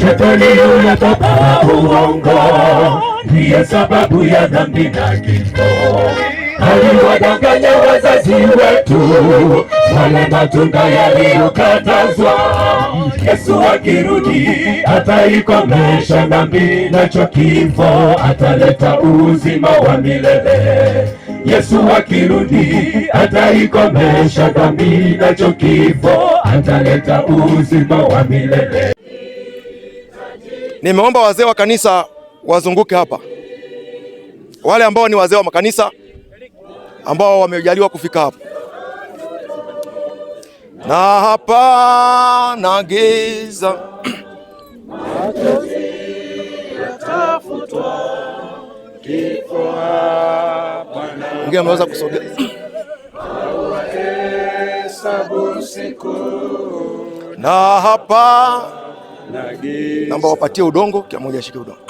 Shetani yule baba uongo ndiye sababu ya dhambi na kifo. Aliwadanganya wazazi wetu wale matunda yaliyokatazwa. Yesu akirudi ataikomesha dhambi nacho kifo, ataleta uzima wa milele. Yesu akirudi ataikomesha dhambi nacho kifo, ataleta uzima wa milele. Nimeomba wazee wa kanisa wazunguke hapa, wale ambao ni wazee wa makanisa ambao wamejaliwa kufika hapa, na hapa na giza ngine mnaweza kusogea na hapa naomba wapatie udongo, kila mmoja ashike udongo,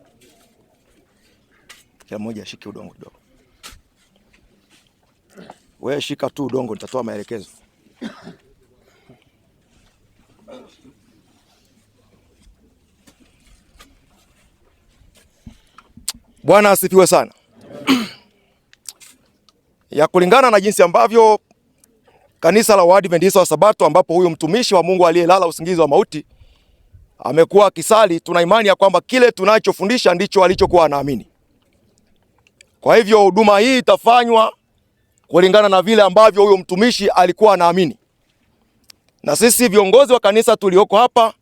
kila mmoja ashike udongo kidogo. Wewe shika tu udongo, nitatoa maelekezo. Bwana asifiwe sana. ya kulingana na jinsi ambavyo kanisa la Waadventista wa Sabato, ambapo huyu mtumishi wa Mungu aliyelala usingizi wa mauti amekuwa akisali. Tuna imani ya kwamba kile tunachofundisha ndicho alichokuwa anaamini. Kwa hivyo huduma hii itafanywa kulingana na vile ambavyo huyo mtumishi alikuwa anaamini, na sisi viongozi wa kanisa tulioko hapa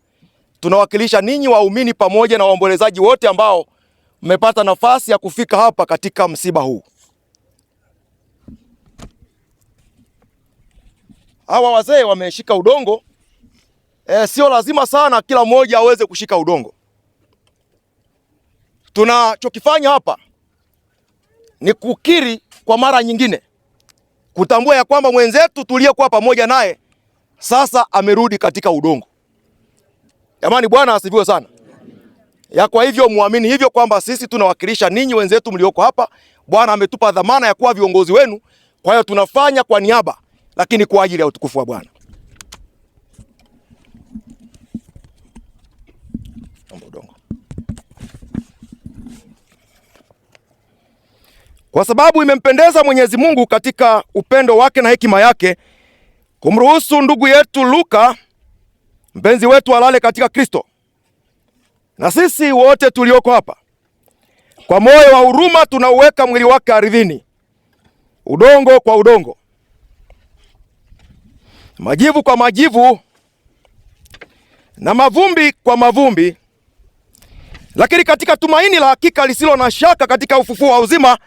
tunawakilisha ninyi waumini pamoja na waombolezaji wote ambao mmepata nafasi ya kufika hapa katika msiba huu. hawa wazee wameshika udongo e, sio lazima sana kila mmoja aweze kushika udongo. Tunachokifanya hapa ni kukiri kwa mara nyingine kutambua ya kwamba mwenzetu tuliyekuwa pamoja naye sasa amerudi katika udongo. Jamani, Bwana asifiwe sana. Ya kwa hivyo muamini hivyo kwamba sisi tunawakilisha ninyi wenzetu mlioko hapa. Bwana ametupa dhamana ya kuwa viongozi wenu, kwa hiyo tunafanya kwa niaba lakini kwa ajili ya utukufu wa Bwana. Kwa sababu imempendeza Mwenyezi Mungu katika upendo wake na hekima yake kumruhusu ndugu yetu Luka mpenzi wetu alale katika Kristo, na sisi wote tulioko hapa kwa moyo wa huruma tunauweka mwili wake ardhini, udongo kwa udongo, majivu kwa majivu na mavumbi kwa mavumbi, lakini katika tumaini la hakika lisilo na shaka katika ufufuo wa uzima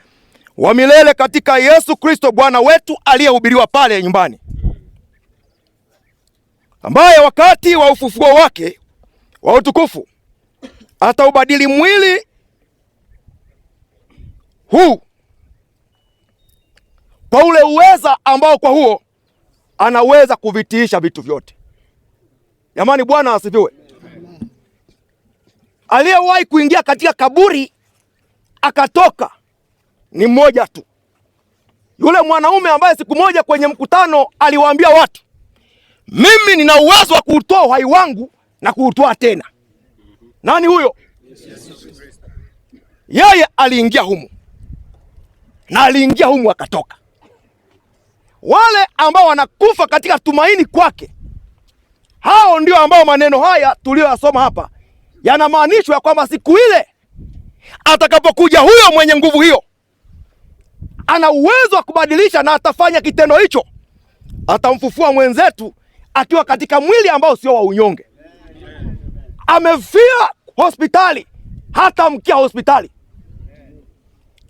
wa milele katika Yesu Kristo Bwana wetu aliyehubiriwa pale nyumbani, ambaye wakati wa ufufuo wake wa utukufu ataubadili mwili huu kwa ule uweza ambao kwa huo anaweza kuvitiisha vitu vyote. Jamani, Bwana asifiwe. Aliyewahi kuingia katika kaburi akatoka ni mmoja tu, yule mwanaume ambaye siku moja kwenye mkutano aliwaambia watu, mimi nina uwezo wa kuutoa uhai wangu na kuutoa tena. Nani huyo? Yeye aliingia humu na aliingia humu akatoka wale ambao wanakufa katika tumaini kwake, hao ndio ambao maneno haya tuliyoyasoma hapa yanamaanishwa ya kwamba siku ile atakapokuja huyo mwenye nguvu hiyo, ana uwezo wa kubadilisha na atafanya kitendo hicho, atamfufua mwenzetu akiwa katika mwili ambao sio wa unyonge. Amefia hospitali, hata mkia hospitali.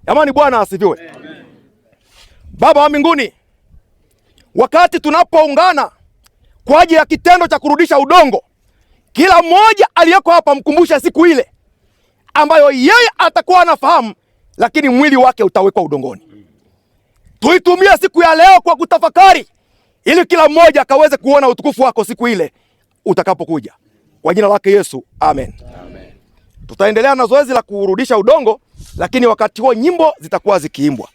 Jamani, Bwana asifiwe. Baba wa mbinguni Wakati tunapoungana kwa ajili ya kitendo cha kurudisha udongo, kila mmoja aliyeko hapa mkumbushe siku ile ambayo yeye atakuwa anafahamu, lakini mwili wake utawekwa udongoni. Tuitumie siku ya leo kwa kutafakari, ili kila mmoja akaweze kuona utukufu wako siku ile utakapokuja. Kwa jina lake Yesu, amen, amen. Tutaendelea na zoezi la kurudisha udongo, lakini wakati huo nyimbo zitakuwa zikiimbwa.